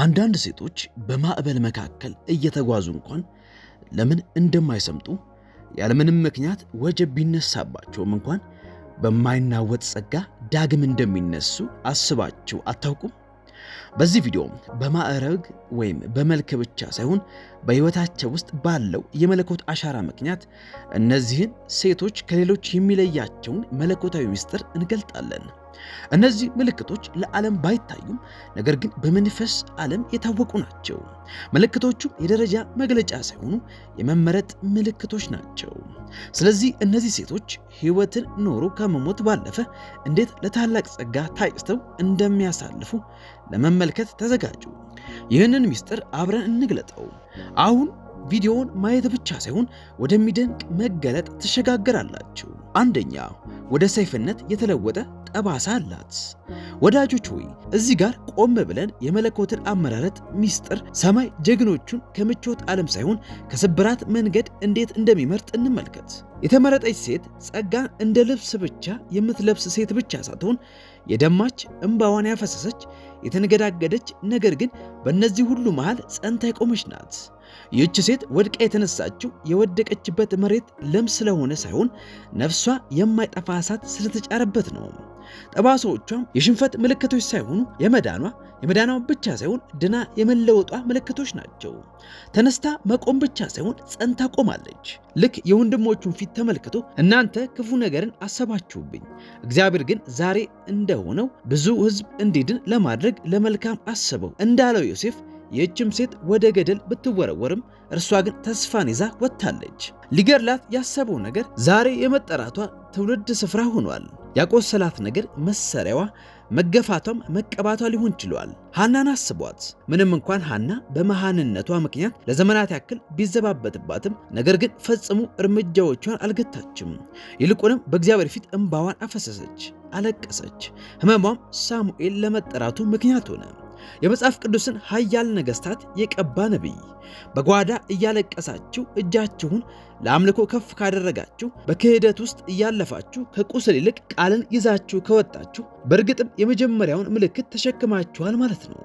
አንዳንድ ሴቶች በማዕበል መካከል እየተጓዙ እንኳን ለምን እንደማይሰምጡ ያለምንም ምክንያት ወጀብ ቢነሳባቸውም እንኳን በማይናወጥ ጸጋ ዳግም እንደሚነሱ አስባችሁ አታውቁም? በዚህ ቪዲዮም በማዕረግ ወይም በመልክ ብቻ ሳይሆን በሕይወታቸው ውስጥ ባለው የመለኮት አሻራ ምክንያት እነዚህን ሴቶች ከሌሎች የሚለያቸውን መለኮታዊ ምስጢር እንገልጣለን። እነዚህ ምልክቶች ለዓለም ባይታዩም ነገር ግን በመንፈስ ዓለም የታወቁ ናቸው። ምልክቶቹም የደረጃ መግለጫ ሳይሆኑ የመመረጥ ምልክቶች ናቸው። ስለዚህ እነዚህ ሴቶች ሕይወትን ኖሮ ከመሞት ባለፈ እንዴት ለታላቅ ጸጋ ታጭተው እንደሚያሳልፉ ለመመልከት ተዘጋጁ። ይህንን ምስጢር አብረን እንግለጠው አሁን ቪዲዮውን ማየት ብቻ ሳይሆን ወደሚደንቅ መገለጥ ትሸጋገራላችሁ። አንደኛ ወደ ሰይፍነት የተለወጠ ጠባሳ አላት። ወዳጆች ሆይ እዚህ ጋር ቆም ብለን የመለኮትን አመራረጥ ሚስጥር፣ ሰማይ ጀግኖቹን ከምቾት ዓለም ሳይሆን ከስብራት መንገድ እንዴት እንደሚመርጥ እንመልከት። የተመረጠች ሴት ጸጋን እንደ ልብስ ብቻ የምትለብስ ሴት ብቻ ሳትሆን የደማች እንባዋን ያፈሰሰች የተንገዳገደች ነገር ግን በእነዚህ ሁሉ መሃል ጸንታ የቆመች ናት። ይህች ሴት ወድቃ የተነሳችው የወደቀችበት መሬት ለም ስለሆነ ሳይሆን ነፍሷ የማይጠፋ እሳት ስለተጫረበት ነው። ጠባሳዎቿም የሽንፈት ምልክቶች ሳይሆኑ የመዳኗ የመዳኗ ብቻ ሳይሆን ድና የመለወጧ ምልክቶች ናቸው። ተነስታ መቆም ብቻ ሳይሆን ጸንታ ቆማለች። ልክ የወንድሞቹን ፊት ተመልክቶ እናንተ ክፉ ነገርን አሰባችሁብኝ፣ እግዚአብሔር ግን ዛሬ እንደሆነው ብዙ ሕዝብ እንዲድን ለማድረግ ለመልካም አስበው እንዳለው ዮሴፍ ይህችም ሴት ወደ ገደል ብትወረወርም እርሷ ግን ተስፋን ይዛ ወጥታለች። ሊገድላት ያሰበው ነገር ዛሬ የመጠራቷ ትውልድ ስፍራ ሆኗል። ያቆሰላት ነገር መሰሪያዋ፣ መገፋቷም መቀባቷ ሊሆን ችሏል። ሐናን አስቧት። ምንም እንኳን ሐና በመሃንነቷ ምክንያት ለዘመናት ያክል ቢዘባበትባትም ነገር ግን ፈጽሞ እርምጃዎቿን አልገታችም። ይልቁንም በእግዚአብሔር ፊት እንባዋን አፈሰሰች፣ አለቀሰች። ሕመሟም ሳሙኤል ለመጠራቱ ምክንያት ሆነ። የመጽሐፍ ቅዱስን ኃያል ነገሥታት የቀባ ነቢይ በጓዳ እያለቀሳችሁ እጃችሁን ለአምልኮ ከፍ ካደረጋችሁ በክህደት ውስጥ እያለፋችሁ ከቁስል ይልቅ ቃልን ይዛችሁ ከወጣችሁ በእርግጥም የመጀመሪያውን ምልክት ተሸክማችኋል ማለት ነው።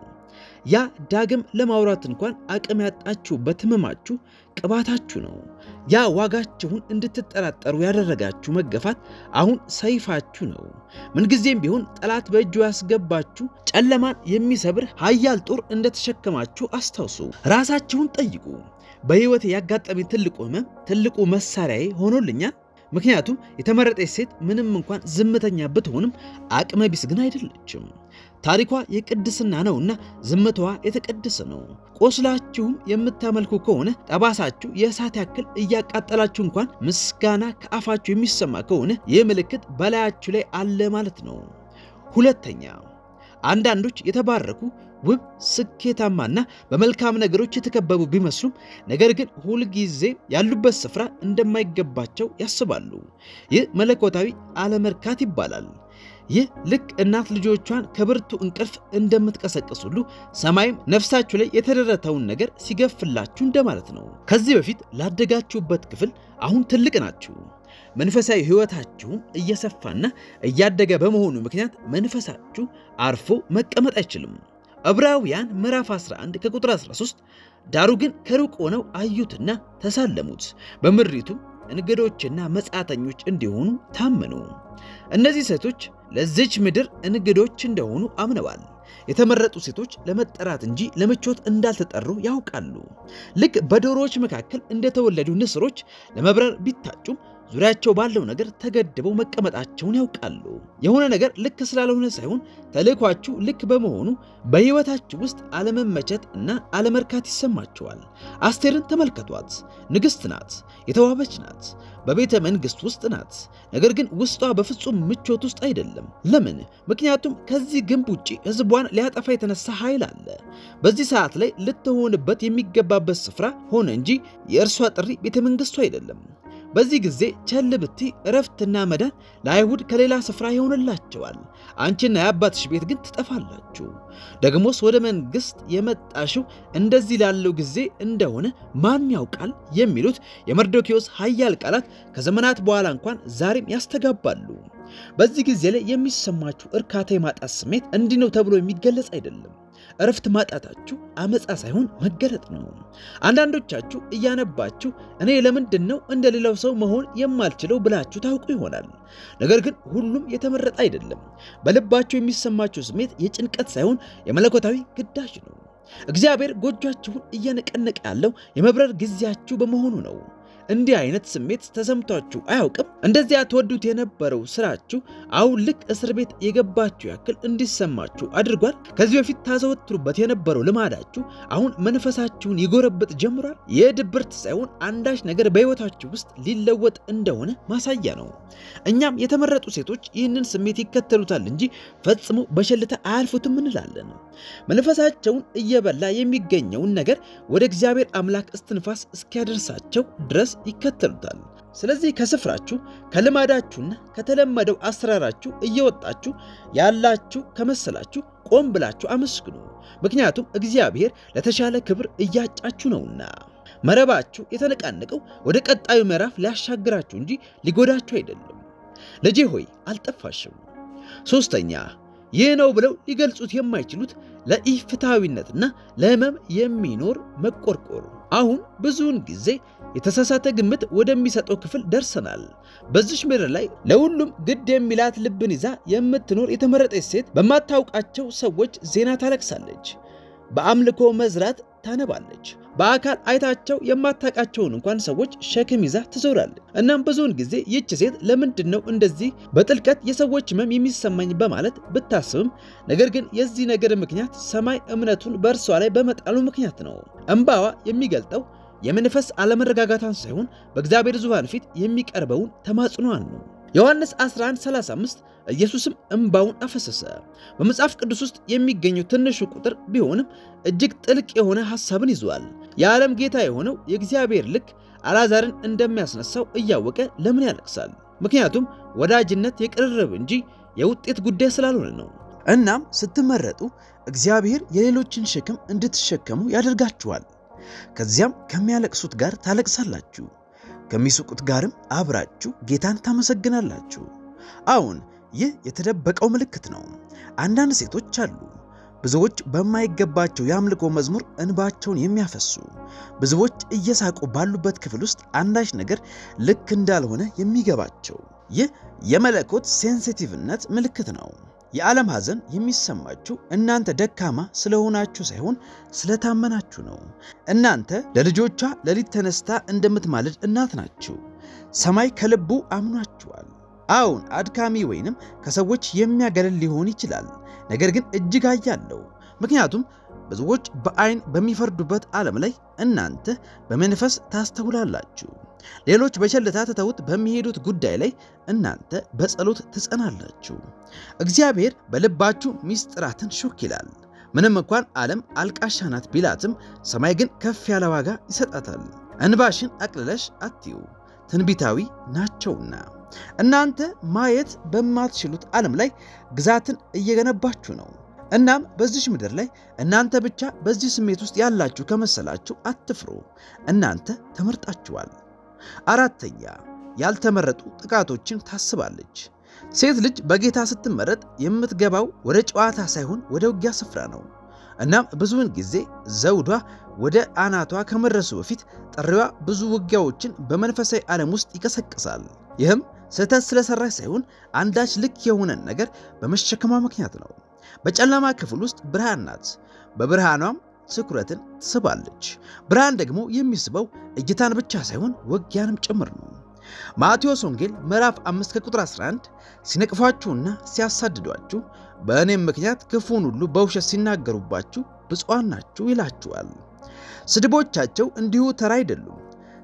ያ ዳግም ለማውራት እንኳን አቅም ያጣችሁበት ህመማችሁ ቅባታችሁ ነው። ያ ዋጋችሁን እንድትጠራጠሩ ያደረጋችሁ መገፋት አሁን ሰይፋችሁ ነው። ምንጊዜም ቢሆን ጠላት በእጁ ያስገባችሁ ጨለማን የሚሰብር ኃያል ጦር እንደተሸከማችሁ አስታውሱ። ራሳችሁን ጠይቁ። በሕይወት ያጋጠመኝ ትልቁ ህመም ትልቁ መሳሪያዬ ሆኖልኛል። ምክንያቱም የተመረጠች ሴት ምንም እንኳን ዝምተኛ ብትሆንም አቅመ ቢስ ግን አይደለችም። ታሪኳ የቅድስና ነውና ዝምታዋ የተቀደሰ ነው። ቆስላችሁም የምታመልኩ ከሆነ ጠባሳችሁ የእሳት ያክል እያቃጠላችሁ እንኳን ምስጋና ከአፋችሁ የሚሰማ ከሆነ ይህ ምልክት በላያችሁ ላይ አለ ማለት ነው። ሁለተኛ አንዳንዶች የተባረኩ ውብ ስኬታማና በመልካም ነገሮች የተከበቡ ቢመስሉም ነገር ግን ሁልጊዜ ያሉበት ስፍራ እንደማይገባቸው ያስባሉ። ይህ መለኮታዊ አለመርካት ይባላል። ይህ ልክ እናት ልጆቿን ከብርቱ እንቅልፍ እንደምትቀሰቅስ ሁሉ ሰማይም ነፍሳችሁ ላይ የተደረተውን ነገር ሲገፍላችሁ እንደማለት ነው። ከዚህ በፊት ላደጋችሁበት ክፍል አሁን ትልቅ ናችሁ። መንፈሳዊ ሕይወታችሁም እየሰፋና እያደገ በመሆኑ ምክንያት መንፈሳችሁ አርፎ መቀመጥ አይችልም። ዕብራውያን ምዕራፍ 11 ከቁጥር 13 ዳሩ ግን ከሩቅ ሆነው አዩትና ተሳለሙት፣ በምድሪቱ እንግዶችና መጻተኞች እንዲሆኑ ታመኑ። እነዚህ ሴቶች ለዚች ምድር እንግዶች እንደሆኑ አምነዋል። የተመረጡ ሴቶች ለመጠራት እንጂ ለምቾት እንዳልተጠሩ ያውቃሉ። ልክ በዶሮዎች መካከል እንደተወለዱ ንስሮች ለመብረር ቢታጩም ዙሪያቸው ባለው ነገር ተገድበው መቀመጣቸውን ያውቃሉ። የሆነ ነገር ልክ ስላልሆነ ሳይሆን ተልእኳችሁ ልክ በመሆኑ በሕይወታችሁ ውስጥ አለመመቸት እና አለመርካት ይሰማቸዋል። አስቴርን ተመልከቷት። ንግሥት ናት፣ የተዋበች ናት፣ በቤተ መንግሥት ውስጥ ናት። ነገር ግን ውስጧ በፍጹም ምቾት ውስጥ አይደለም። ለምን? ምክንያቱም ከዚህ ግንብ ውጪ ሕዝቧን ሊያጠፋ የተነሳ ኃይል አለ። በዚህ ሰዓት ላይ ልትሆንበት የሚገባበት ስፍራ ሆነ እንጂ የእርሷ ጥሪ ቤተ መንግሥቱ አይደለም። በዚህ ጊዜ ቸል ብቲ እረፍትና መዳን ለአይሁድ ከሌላ ስፍራ ይሆንላቸዋል። አንቺና የአባትሽ ቤት ግን ትጠፋላችሁ። ደግሞስ ወደ መንግሥት የመጣሽው እንደዚህ ላለው ጊዜ እንደሆነ ማን ያውቃል የሚሉት የመርዶኪዎስ ኃያል ቃላት ከዘመናት በኋላ እንኳን ዛሬም ያስተጋባሉ። በዚህ ጊዜ ላይ የሚሰማችሁ እርካታ የማጣት ስሜት እንዲህ ነው ተብሎ የሚገለጽ አይደለም። እረፍት ማጣታችሁ አመፃ ሳይሆን መገለጥ ነው። አንዳንዶቻችሁ እያነባችሁ እኔ ለምንድን ነው እንደ ሌላው ሰው መሆን የማልችለው ብላችሁ ታውቁ ይሆናል። ነገር ግን ሁሉም የተመረጠ አይደለም። በልባችሁ የሚሰማችሁ ስሜት የጭንቀት ሳይሆን የመለኮታዊ ግዳጅ ነው። እግዚአብሔር ጎጇችሁን እየነቀነቀ ያለው የመብረር ጊዜያችሁ በመሆኑ ነው። እንዲህ አይነት ስሜት ተሰምቷችሁ አያውቅም? እንደዚያ ተወዱት የነበረው ስራችሁ አሁን ልክ እስር ቤት የገባችሁ ያክል እንዲሰማችሁ አድርጓል? ከዚህ በፊት ታዘወትሩበት የነበረው ልማዳችሁ አሁን መንፈሳችሁን ይጎረብጥ ጀምሯል? የድብርት ሳይሆን አንዳች ነገር በሕይወታችሁ ውስጥ ሊለወጥ እንደሆነ ማሳያ ነው። እኛም የተመረጡ ሴቶች ይህንን ስሜት ይከተሉታል እንጂ ፈጽሞ በሸልታ አያልፉትም እንላለን። መንፈሳቸውን እየበላ የሚገኘውን ነገር ወደ እግዚአብሔር አምላክ እስትንፋስ እስኪያደርሳቸው ድረስ ይከተሉታል። ስለዚህ ከስፍራችሁ ከልማዳችሁና ከተለመደው አሰራራችሁ እየወጣችሁ ያላችሁ ከመሰላችሁ ቆም ብላችሁ አመስግኑ። ምክንያቱም እግዚአብሔር ለተሻለ ክብር እያጫችሁ ነውና። መረባችሁ የተነቃነቀው ወደ ቀጣዩ ምዕራፍ ሊያሻግራችሁ እንጂ ሊጎዳችሁ አይደለም። ልጄ ሆይ አልጠፋሽም። ሶስተኛ ይህ ነው ብለው ሊገልጹት የማይችሉት ለኢፍትሐዊነትና ለህመም የሚኖር መቆርቆሩ። አሁን ብዙውን ጊዜ የተሳሳተ ግምት ወደሚሰጠው ክፍል ደርሰናል። በዚች ምድር ላይ ለሁሉም ግድ የሚላት ልብን ይዛ የምትኖር የተመረጠች ሴት በማታውቃቸው ሰዎች ዜና ታለቅሳለች፣ በአምልኮ መዝራት ታነባለች፣ በአካል አይታቸው የማታውቃቸውን እንኳን ሰዎች ሸክም ይዛ ትዞራለች። እናም ብዙውን ጊዜ ይች ሴት ለምንድን ነው እንደዚህ በጥልቀት የሰዎች ህመም የሚሰማኝ በማለት ብታስብም፣ ነገር ግን የዚህ ነገር ምክንያት ሰማይ እምነቱን በእርሷ ላይ በመጣሉ ምክንያት ነው። እንባዋ የሚገልጠው የመንፈስ አለመረጋጋቷን ሳይሆን በእግዚአብሔር ዙፋን ፊት የሚቀርበውን ተማጽኗን ነው። ዮሐንስ 11:35 ኢየሱስም እምባውን አፈሰሰ። በመጽሐፍ ቅዱስ ውስጥ የሚገኘው ትንሹ ቁጥር ቢሆንም እጅግ ጥልቅ የሆነ ሐሳብን ይዟል። የዓለም ጌታ የሆነው የእግዚአብሔር ልክ አላዛርን እንደሚያስነሳው እያወቀ ለምን ያለቅሳል? ምክንያቱም ወዳጅነት የቅርርብ እንጂ የውጤት ጉዳይ ስላልሆነ ነው። እናም ስትመረጡ እግዚአብሔር የሌሎችን ሸክም እንድትሸከሙ ያደርጋችኋል። ከዚያም ከሚያለቅሱት ጋር ታለቅሳላችሁ። ከሚስቁት ጋርም አብራችሁ ጌታን ታመሰግናላችሁ። አሁን ይህ የተደበቀው ምልክት ነው። አንዳንድ ሴቶች አሉ፣ ብዙዎች በማይገባቸው የአምልኮ መዝሙር እንባቸውን የሚያፈሱ ብዙዎች እየሳቁ ባሉበት ክፍል ውስጥ አንዳች ነገር ልክ እንዳልሆነ የሚገባቸው። ይህ የመለኮት ሴንሲቲቭነት ምልክት ነው። የዓለም ሐዘን የሚሰማችሁ እናንተ ደካማ ስለሆናችሁ ሳይሆን ስለታመናችሁ ነው። እናንተ ለልጆቿ ሌሊት ተነስታ እንደምትማልድ እናት ናችሁ። ሰማይ ከልቡ አምኗችኋል። አሁን አድካሚ ወይንም ከሰዎች የሚያገለል ሊሆን ይችላል፣ ነገር ግን እጅግ አያለው። ምክንያቱም ብዙዎች በአይን በሚፈርዱበት ዓለም ላይ እናንተ በመንፈስ ታስተውላላችሁ። ሌሎች በቸልታ ትተውት በሚሄዱት ጉዳይ ላይ እናንተ በጸሎት ትጸናላችሁ። እግዚአብሔር በልባችሁ ሚስጥራትን ሹክ ይላል። ምንም እንኳን ዓለም አልቃሻ ናት ቢላትም፣ ሰማይ ግን ከፍ ያለ ዋጋ ይሰጣታል። እንባሽን አቅልለሽ አትዩ፣ ትንቢታዊ ናቸውና። እናንተ ማየት በማትችሉት ዓለም ላይ ግዛትን እየገነባችሁ ነው። እናም በዚች ምድር ላይ እናንተ ብቻ በዚህ ስሜት ውስጥ ያላችሁ ከመሰላችሁ አትፍሩ። እናንተ ተመርጣችኋል። አራተኛ ያልተመረጡ ጥቃቶችን ታስባለች። ሴት ልጅ በጌታ ስትመረጥ የምትገባው ወደ ጨዋታ ሳይሆን ወደ ውጊያ ስፍራ ነው። እናም ብዙውን ጊዜ ዘውዷ ወደ አናቷ ከመድረሱ በፊት ጥሪዋ ብዙ ውጊያዎችን በመንፈሳዊ ዓለም ውስጥ ይቀሰቅሳል። ይህም ስህተት ስለሰራች ሳይሆን አንዳች ልክ የሆነን ነገር በመሸከሟ ምክንያት ነው። በጨለማ ክፍል ውስጥ ብርሃን ናት። በብርሃኗም ትኩረትን ትስባለች። ብርሃን ደግሞ የሚስበው እይታን ብቻ ሳይሆን ውጊያንም ጭምር ነው። ማቴዎስ ወንጌል ምዕራፍ 5 ከቁጥር 11 ሲነቅፏችሁና ሲያሳድዷችሁ በእኔም ምክንያት ክፉን ሁሉ በውሸት ሲናገሩባችሁ ብፁዓን ናችሁ ይላችኋል። ስድቦቻቸው እንዲሁ ተራ አይደሉም።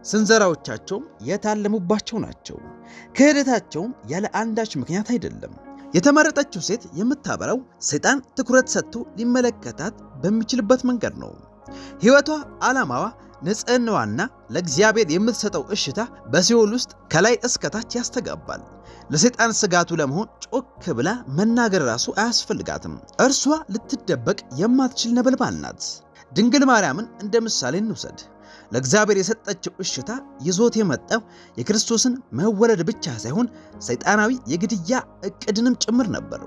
ስንዘራዎቻቸውም የታለሙባቸው ናቸው። ክህደታቸውም ያለ አንዳች ምክንያት አይደለም። የተመረጠችው ሴት የምታበራው ሰይጣን ትኩረት ሰጥቶ ሊመለከታት በሚችልበት መንገድ ነው። ሕይወቷ፣ ዓላማዋ፣ ንጽህናዋና ለእግዚአብሔር የምትሰጠው እሽታ በሲኦል ውስጥ ከላይ እስከታች ያስተጋባል። ለሰይጣን ስጋቱ ለመሆን ጮክ ብላ መናገር ራሱ አያስፈልጋትም። እርሷ ልትደበቅ የማትችል ነበልባል ናት። ድንግል ማርያምን እንደ ምሳሌ እንውሰድ። ለእግዚአብሔር የሰጠችው እሽታ ይዞት የመጣው የክርስቶስን መወለድ ብቻ ሳይሆን ሰይጣናዊ የግድያ እቅድንም ጭምር ነበር።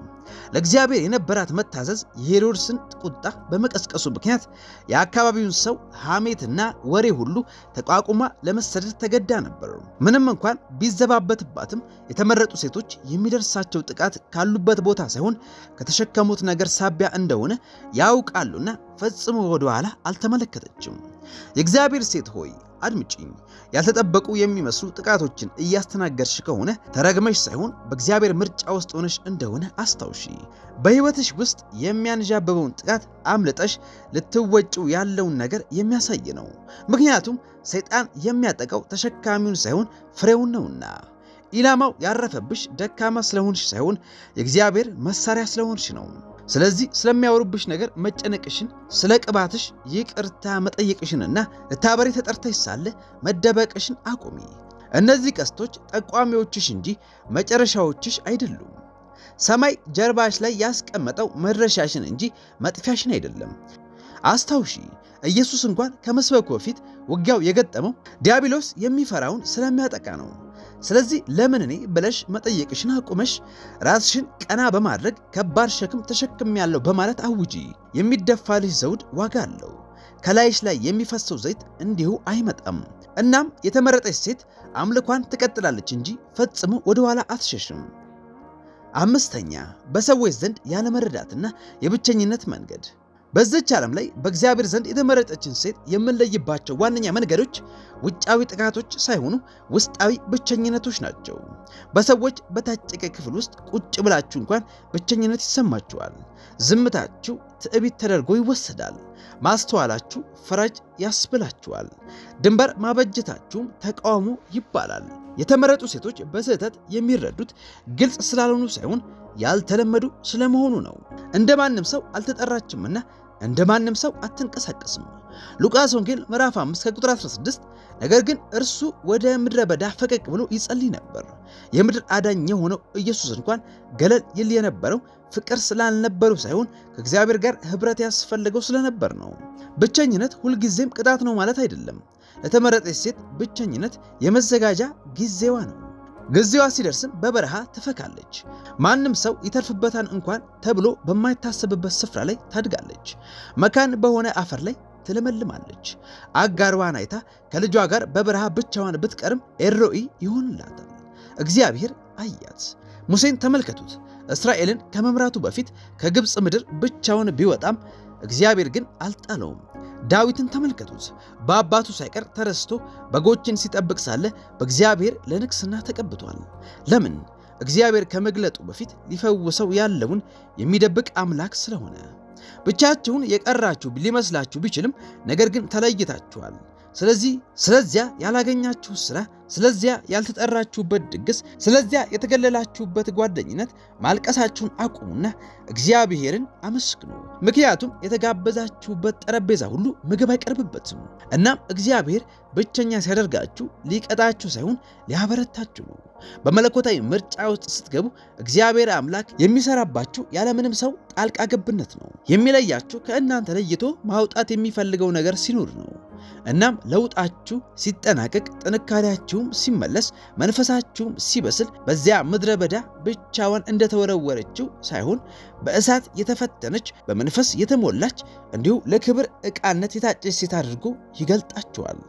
ለእግዚአብሔር የነበራት መታዘዝ የሄሮድስን ቁጣ በመቀስቀሱ ምክንያት የአካባቢውን ሰው ሐሜትና ወሬ ሁሉ ተቋቁማ ለመሰደድ ተገዳ ነበር። ምንም እንኳን ቢዘባበትባትም የተመረጡ ሴቶች የሚደርሳቸው ጥቃት ካሉበት ቦታ ሳይሆን ከተሸከሙት ነገር ሳቢያ እንደሆነ ያውቃሉና ፈጽሞ ወደ ኋላ አልተመለከተችም። የእግዚአብሔር ሴት ሆይ አድምጪኝ። ያልተጠበቁ የሚመስሉ ጥቃቶችን እያስተናገድሽ ከሆነ ተረግመሽ ሳይሆን በእግዚአብሔር ምርጫ ውስጥ ሆነሽ እንደሆነ አስታውሺ። በሕይወትሽ ውስጥ የሚያንዣበበውን ጥቃት አምልጠሽ ልትወጪው ያለውን ነገር የሚያሳይ ነው። ምክንያቱም ሰይጣን የሚያጠቃው ተሸካሚውን ሳይሆን ፍሬውን ነውና። ኢላማው ያረፈብሽ ደካማ ስለሆንሽ ሳይሆን የእግዚአብሔር መሳሪያ ስለሆንሽ ነው። ስለዚህ ስለሚያወሩብሽ ነገር መጨነቅሽን፣ ስለ ቅባትሽ ይቅርታ መጠየቅሽንና እታበሪ ተጠርተሽ ሳለ መደበቅሽን አቁሚ። እነዚህ ቀስቶች ጠቋሚዎችሽ እንጂ መጨረሻዎችሽ አይደሉም። ሰማይ ጀርባሽ ላይ ያስቀመጠው መድረሻሽን እንጂ መጥፊያሽን አይደለም። አስታውሺ፣ ኢየሱስ እንኳን ከመስበኩ በፊት ውጊያው የገጠመው ዲያብሎስ የሚፈራውን ስለሚያጠቃ ነው። ስለዚህ ለምን እኔ ብለሽ መጠየቅሽን አቁመሽ ራስሽን ቀና በማድረግ ከባድ ሸክም ተሸክም ያለው በማለት አውጂ። የሚደፋልሽ ዘውድ ዋጋ አለው። ከላይሽ ላይ የሚፈሰው ዘይት እንዲሁ አይመጣም። እናም የተመረጠች ሴት አምልኳን ትቀጥላለች እንጂ ፈጽሞ ወደኋላ አትሸሽም። አምስተኛ በሰዎች ዘንድ ያለመረዳትና የብቸኝነት መንገድ በዚች ዓለም ላይ በእግዚአብሔር ዘንድ የተመረጠችን ሴት የምንለይባቸው ዋነኛ መንገዶች ውጫዊ ጥቃቶች ሳይሆኑ ውስጣዊ ብቸኝነቶች ናቸው። በሰዎች በታጨቀ ክፍል ውስጥ ቁጭ ብላችሁ እንኳን ብቸኝነት ይሰማችኋል። ዝምታችሁ ትዕቢት ተደርጎ ይወሰዳል። ማስተዋላችሁ ፈራጅ ያስብላችኋል። ድንበር ማበጀታችሁም ተቃውሞ ይባላል። የተመረጡ ሴቶች በስህተት የሚረዱት ግልጽ ስላልሆኑ ሳይሆን ያልተለመዱ ስለመሆኑ ነው። እንደ ማንም ሰው አልተጠራችምና እንደ ማንም ሰው አትንቀሳቀስም። ሉቃስ ወንጌል ምዕራፍ 5 ከቁጥር 16 ነገር ግን እርሱ ወደ ምድረ በዳ ፈቀቅ ብሎ ይጸልይ ነበር። የምድር አዳኝ የሆነው ኢየሱስ እንኳን ገለል ይል የነበረው ፍቅር ስላልነበረው ሳይሆን ከእግዚአብሔር ጋር ኅብረት ያስፈልገው ስለነበር ነው። ብቸኝነት ሁልጊዜም ቅጣት ነው ማለት አይደለም። ለተመረጠች ሴት ብቸኝነት የመዘጋጃ ጊዜዋ ነው። ጊዜዋ ሲደርስም በበረሃ ትፈካለች። ማንም ሰው ይተርፍበታን እንኳን ተብሎ በማይታሰብበት ስፍራ ላይ ታድጋለች። መካን በሆነ አፈር ላይ ትለመልማለች። አጋርዋን አይታ ከልጇ ጋር በበረሃ ብቻዋን ብትቀርም ኤሮኢ ይሆንላታል። እግዚአብሔር አያት። ሙሴን ተመልከቱት። እስራኤልን ከመምራቱ በፊት ከግብፅ ምድር ብቻውን ቢወጣም እግዚአብሔር ግን አልጣለውም። ዳዊትን ተመልከቱት። በአባቱ ሳይቀር ተረስቶ በጎችን ሲጠብቅ ሳለ በእግዚአብሔር ለንግስና ተቀብቷል። ለምን? እግዚአብሔር ከመግለጡ በፊት ሊፈውሰው ያለውን የሚደብቅ አምላክ ስለሆነ። ብቻችሁን የቀራችሁ ሊመስላችሁ ቢችልም ነገር ግን ተለይታችኋል። ስለዚህ ስለዚያ ያላገኛችሁ ስራ ስለዚያ ያልተጠራችሁበት ድግስ፣ ስለዚያ የተገለላችሁበት ጓደኝነት ማልቀሳችሁን አቁሙና እግዚአብሔርን አመስግኑ። ምክንያቱም የተጋበዛችሁበት ጠረጴዛ ሁሉ ምግብ አይቀርብበትም። እናም እግዚአብሔር ብቸኛ ሲያደርጋችሁ ሊቀጣችሁ ሳይሆን ሊያበረታችሁ ነው። በመለኮታዊ ምርጫ ውስጥ ስትገቡ እግዚአብሔር አምላክ የሚሰራባችሁ ያለምንም ሰው ጣልቃ ገብነት ነው። የሚለያችሁ ከእናንተ ለይቶ ማውጣት የሚፈልገው ነገር ሲኖር ነው። እናም ለውጣችሁ ሲጠናቀቅ ጥንካሬያችሁ ልባችሁም ሲመለስ መንፈሳችሁም ሲበስል በዚያ ምድረ በዳ ብቻዋን እንደተወረወረችው ሳይሆን በእሳት የተፈተነች በመንፈስ የተሞላች እንዲሁ ለክብር ዕቃነት የታጨች ሴት አድርጎ ይገልጣችኋል።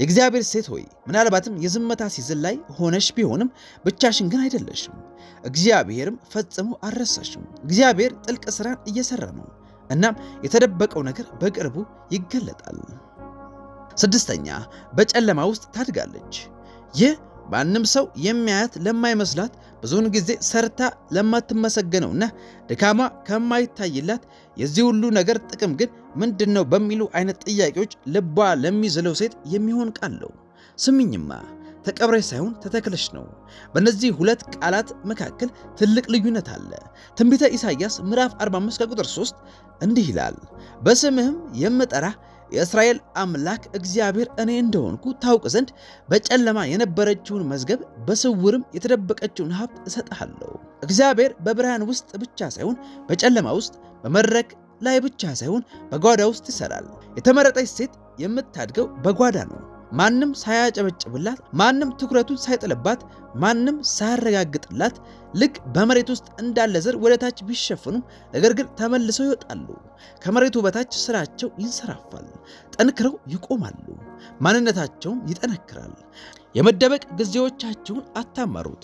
የእግዚአብሔር ሴት ሆይ ምናልባትም የዝመታ ሲዝን ላይ ሆነሽ ቢሆንም ብቻሽን ግን አይደለሽም። እግዚአብሔርም ፈጽሞ አልረሳሽም። እግዚአብሔር ጥልቅ ስራን እየሰራ ነው። እናም የተደበቀው ነገር በቅርቡ ይገለጣል። ስድስተኛ በጨለማ ውስጥ ታድጋለች። ይህ ማንም ሰው የሚያያት ለማይመስላት ብዙውን ጊዜ ሰርታ ለማትመሰገነውና ድካማ ከማይታይላት የዚህ ሁሉ ነገር ጥቅም ግን ምንድን ነው በሚሉ አይነት ጥያቄዎች ልቧ ለሚዝለው ሴት የሚሆን ቃል ነው። ስሚኝማ ተቀብረሽ ሳይሆን ተተክለሽ ነው። በእነዚህ ሁለት ቃላት መካከል ትልቅ ልዩነት አለ። ትንቢተ ኢሳይያስ ምዕራፍ 45 ከቁጥር 3 እንዲህ ይላል፣ በስምህም የምጠራህ የእስራኤል አምላክ እግዚአብሔር እኔ እንደሆንኩ ታውቅ ዘንድ በጨለማ የነበረችውን መዝገብ በስውርም የተደበቀችውን ሀብት እሰጥሃለሁ። እግዚአብሔር በብርሃን ውስጥ ብቻ ሳይሆን በጨለማ ውስጥ በመድረክ ላይ ብቻ ሳይሆን በጓዳ ውስጥ ይሰራል። የተመረጠች ሴት የምታድገው በጓዳ ነው። ማንም ሳያጨበጭብላት፣ ማንም ትኩረቱን ሳይጥልባት፣ ማንም ሳያረጋግጥላት ልክ በመሬት ውስጥ እንዳለ ዘር ወደ ታች ቢሸፍኑም ነገር ግን ተመልሰው ይወጣሉ። ከመሬቱ በታች ስራቸው ይንሰራፋል፣ ጠንክረው ይቆማሉ፣ ማንነታቸውም ይጠነክራል። የመደበቅ ጊዜዎቻችሁን አታማሩት፣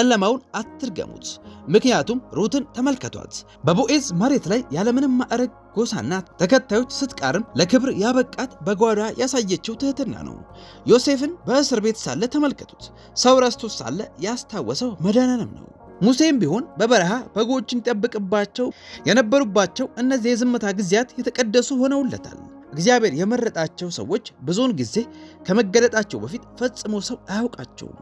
ጨለማውን አትርገሙት። ምክንያቱም ሩትን ተመልከቷት፣ በቦኤዝ መሬት ላይ ያለምንም ማዕረግ ጎሳና ተከታዮች ስትቃርም ለክብር ያበቃት በጓዳ ያሳየችው ትህትና ነው። ዮሴፍን በእስር ቤት ሳለ ተመልከቱት፣ ሰው ረስቶ ሳለ ያስታወሰው መዳናንም ነው። ሙሴም ቢሆን በበረሃ በጎችን ይጠብቅባቸው የነበሩባቸው እነዚህ የዝምታ ጊዜያት የተቀደሱ ሆነውለታል። እግዚአብሔር የመረጣቸው ሰዎች ብዙውን ጊዜ ከመገለጣቸው በፊት ፈጽሞ ሰው አያውቃቸውም።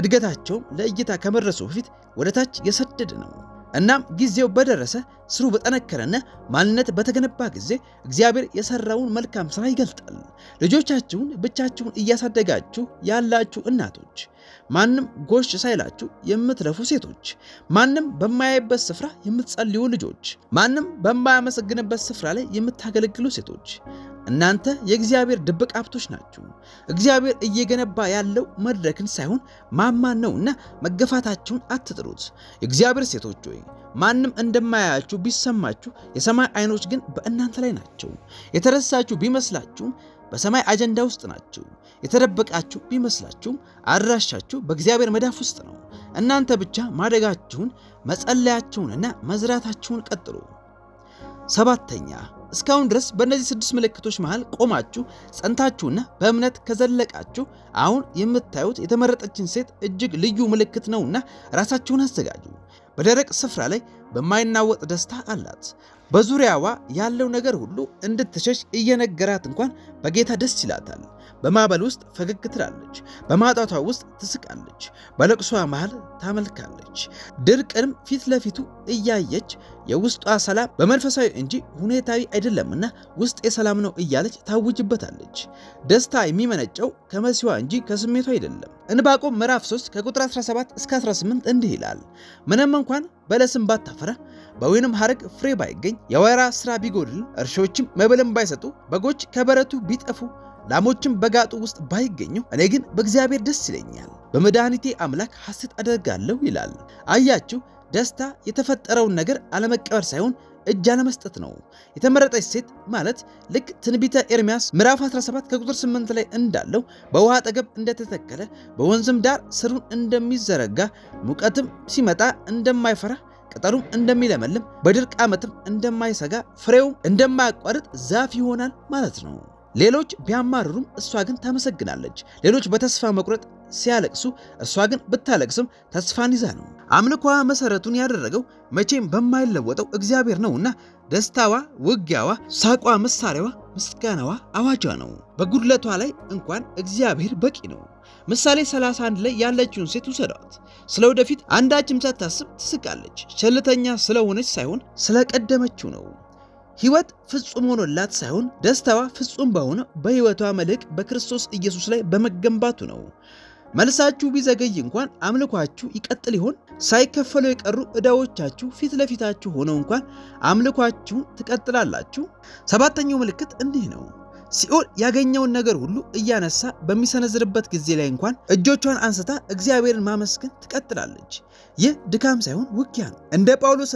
እድገታቸውም ለእይታ ከመድረሱ በፊት ወደ ታች የሰደደ ነው። እናም ጊዜው በደረሰ ስሩ በጠነከረና ማንነት በተገነባ ጊዜ እግዚአብሔር የሰራውን መልካም ስራ ይገልጣል። ልጆቻችሁን ብቻችሁን እያሳደጋችሁ ያላችሁ እናቶች፣ ማንም ጎሽ ሳይላችሁ የምትለፉ ሴቶች፣ ማንም በማያይበት ስፍራ የምትጸልዩ ልጆች፣ ማንም በማያመሰግንበት ስፍራ ላይ የምታገለግሉ ሴቶች፣ እናንተ የእግዚአብሔር ድብቅ ሀብቶች ናችሁ። እግዚአብሔር እየገነባ ያለው መድረክን ሳይሆን ማማን እና መገፋታችሁን አትጥሩት። የእግዚአብሔር ሴቶች ሆይ ማንም እንደማያያችሁ ቢሰማችሁ፣ የሰማይ አይኖች ግን በእናንተ ላይ ናቸው። የተረሳችሁ ቢመስላችሁም በሰማይ አጀንዳ ውስጥ ናችሁ። የተደበቃችሁ ቢመስላችሁም አድራሻችሁ በእግዚአብሔር መዳፍ ውስጥ ነው። እናንተ ብቻ ማደጋችሁን መጸለያችሁንና መዝራታችሁን ቀጥሉ። ሰባተኛ እስካሁን ድረስ በእነዚህ ስድስት ምልክቶች መሃል ቆማችሁ ጸንታችሁና በእምነት ከዘለቃችሁ አሁን የምታዩት የተመረጠችን ሴት እጅግ ልዩ ምልክት ነውና ራሳችሁን አዘጋጁ። በደረቅ ስፍራ ላይ በማይናወጥ ደስታ አላት። በዙሪያዋ ያለው ነገር ሁሉ እንድትሸሽ እየነገራት እንኳን በጌታ ደስ ይላታል። በማዕበል ውስጥ ፈገግ ትላለች፣ በማጣቷ ውስጥ ትስቃለች፣ በለቅሷ መሃል ታመልካለች። ድርቅንም ፊት ለፊቱ እያየች የውስጧ ሰላም በመንፈሳዊ እንጂ ሁኔታዊ አይደለምና ውስጤ ሰላም ነው እያለች ታውጅበታለች። ደስታ የሚመነጨው ከመሲዋ እንጂ ከስሜቷ አይደለም። እንባቆም ምዕራፍ 3 ከቁጥር 17 እስከ 18 እንዲህ ይላል ምንም እንኳን በለስም ባታፈራ በወይንም ሐረግ ፍሬ ባይገኝ የወይራ ስራ ቢጎድል እርሾችም መብልም ባይሰጡ በጎች ከበረቱ ቢጠፉ ላሞችም በጋጡ ውስጥ ባይገኙ እኔ ግን በእግዚአብሔር ደስ ይለኛል፣ በመድኃኒቴ አምላክ ሐሴት አደርጋለሁ ይላል። አያችሁ፣ ደስታ የተፈጠረውን ነገር አለመቀበር ሳይሆን እጅ አለመስጠት ነው። የተመረጠች ሴት ማለት ልክ ትንቢተ ኤርሚያስ ምዕራፍ 17 ከቁጥር 8 ላይ እንዳለው በውሃ አጠገብ እንደተተከለ በወንዝም ዳር ስሩን እንደሚዘረጋ ሙቀትም ሲመጣ እንደማይፈራ ቅጠሉም እንደሚለመልም በድርቅ ዓመትም እንደማይሰጋ ፍሬውም እንደማያቋርጥ ዛፍ ይሆናል ማለት ነው። ሌሎች ቢያማርሩም እሷ ግን ታመሰግናለች። ሌሎች በተስፋ መቁረጥ ሲያለቅሱ እሷ ግን ብታለቅስም ተስፋን ይዛ ነው። አምልኳ መሰረቱን ያደረገው መቼም በማይለወጠው እግዚአብሔር ነውና ደስታዋ፣ ውጊያዋ፣ ሳቋ፣ መሳሪያዋ፣ ምስጋናዋ፣ አዋጇ ነው። በጉድለቷ ላይ እንኳን እግዚአብሔር በቂ ነው። ምሳሌ 31 ላይ ያለችውን ሴት ውሰዷት። ስለ ወደፊት አንዳችም ሳታስብ ትስቃለች። ቸልተኛ ስለሆነች ሳይሆን ስለቀደመችው ነው። ሕይወት ፍጹም ሆኖላት ሳይሆን ደስታዋ ፍጹም በሆነ በሕይወቷ መልሕቅ በክርስቶስ ኢየሱስ ላይ በመገንባቱ ነው። መልሳችሁ ቢዘገይ እንኳን አምልኳችሁ ይቀጥል ይሆን? ሳይከፈሉ የቀሩ ዕዳዎቻችሁ ፊት ለፊታችሁ ሆነው እንኳን አምልኳችሁን ትቀጥላላችሁ? ሰባተኛው ምልክት እንዲህ ነው። ሲኦል ያገኘውን ነገር ሁሉ እያነሳ በሚሰነዝርበት ጊዜ ላይ እንኳን እጆቿን አንስታ እግዚአብሔርን ማመስገን ትቀጥላለች። ይህ ድካም ሳይሆን ውጊያ ነው። እንደ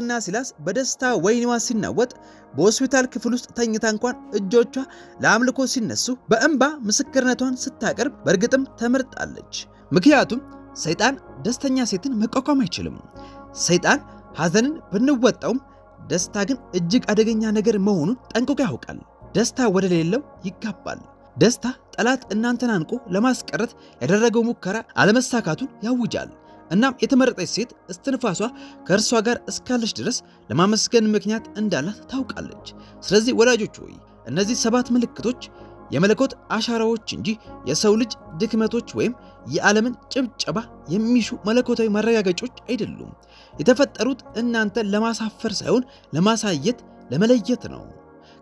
እና ሲላስ በደስታ ወይኒዋ ሲናወጥ፣ በሆስፒታል ክፍል ውስጥ ተኝታ እንኳን እጆቿ ለአምልኮ ሲነሱ፣ በእንባ ምስክርነቷን ስታቀርብ በእርግጥም ተመርጣለች። ምክንያቱም ሰይጣን ደስተኛ ሴትን መቋቋም አይችልም። ሰይጣን ሐዘንን ብንወጣውም ደስታ ግን እጅግ አደገኛ ነገር መሆኑን ጠንቅቆ ያውቃል። ደስታ ወደ ሌለው ይጋባል። ደስታ ጠላት እናንተን አንቆ ለማስቀረት ያደረገው ሙከራ አለመሳካቱን ያውጃል። እናም የተመረጠች ሴት እስትንፋሷ ከእርሷ ጋር እስካለች ድረስ ለማመስገን ምክንያት እንዳላት ታውቃለች። ስለዚህ ወዳጆች ሆይ እነዚህ ሰባት ምልክቶች የመለኮት አሻራዎች እንጂ የሰው ልጅ ድክመቶች ወይም የዓለምን ጭብጨባ የሚሹ መለኮታዊ ማረጋገጫዎች አይደሉም። የተፈጠሩት እናንተን ለማሳፈር ሳይሆን ለማሳየት፣ ለመለየት ነው።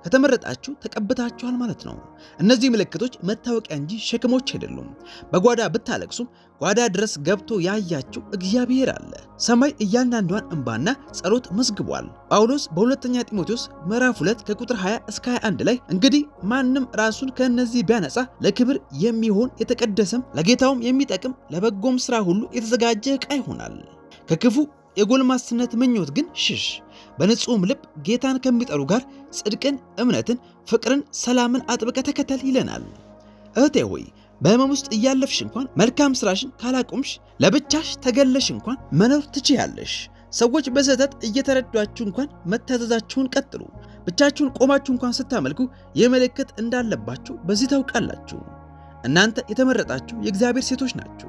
ከተመረጣችሁ ተቀብታችኋል ማለት ነው። እነዚህ ምልክቶች መታወቂያ እንጂ ሸክሞች አይደሉም። በጓዳ ብታለቅሱም ጓዳ ድረስ ገብቶ ያያችሁ እግዚአብሔር አለ። ሰማይ እያንዳንዷን እንባና ጸሎት መዝግቧል። ጳውሎስ በሁለተኛ ጢሞቴዎስ ምዕራፍ 2 ከቁጥር 20 እስከ 21 ላይ እንግዲህ ማንም ራሱን ከእነዚህ ቢያነጻ ለክብር የሚሆን የተቀደሰም ለጌታውም የሚጠቅም ለበጎም ስራ ሁሉ የተዘጋጀ ዕቃ ይሆናል። ከክፉ የጎልማስነት ምኞት ግን ሽሽ። በንጹህም ልብ ጌታን ከሚጠሩ ጋር ጽድቅን፣ እምነትን፣ ፍቅርን፣ ሰላምን አጥብቀ ተከተል ይለናል። እህቴ ሆይ በህመም ውስጥ እያለፍሽ እንኳን መልካም ስራሽን ካላቆምሽ ለብቻሽ ተገለሽ እንኳን መኖር ትችያለሽ። ሰዎች በስህተት እየተረዷችሁ እንኳን መታዘዛችሁን ቀጥሉ። ብቻችሁን ቆማችሁ እንኳን ስታመልኩ ይህ ምልክት እንዳለባችሁ በዚህ ታውቃላችሁ። እናንተ የተመረጣችሁ የእግዚአብሔር ሴቶች ናችሁ።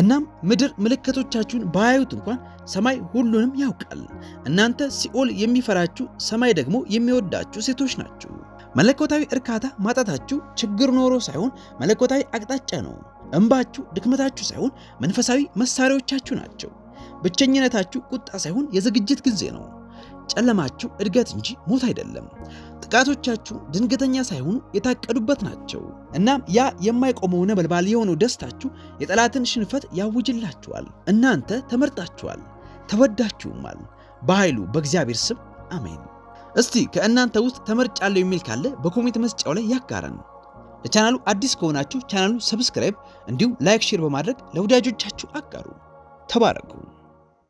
እናም ምድር ምልክቶቻችሁን ባያዩት እንኳን ሰማይ ሁሉንም ያውቃል። እናንተ ሲኦል የሚፈራችሁ፣ ሰማይ ደግሞ የሚወዳችሁ ሴቶች ናችሁ። መለኮታዊ እርካታ ማጣታችሁ ችግር ኖሮ ሳይሆን መለኮታዊ አቅጣጫ ነው። እንባችሁ ድክመታችሁ ሳይሆን መንፈሳዊ መሳሪያዎቻችሁ ናቸው። ብቸኝነታችሁ ቁጣ ሳይሆን የዝግጅት ጊዜ ነው። ጨለማችሁ እድገት እንጂ ሞት አይደለም። ጥቃቶቻችሁ ድንገተኛ ሳይሆኑ የታቀዱበት ናቸው። እናም ያ የማይቆመው ነበልባል የሆነው ደስታችሁ የጠላትን ሽንፈት ያውጅላችኋል። እናንተ ተመርጣችኋል፣ ተወዳችሁማል። በኃይሉ በእግዚአብሔር ስም አሜን። እስቲ ከእናንተ ውስጥ ተመርጫለሁ የሚል ካለ በኮሜንት መስጫው ላይ ያጋራን። ለቻናሉ አዲስ ከሆናችሁ ቻናሉ ሰብስክራይብ፣ እንዲሁም ላይክ፣ ሼር በማድረግ ለወዳጆቻችሁ አጋሩ። ተባረኩ።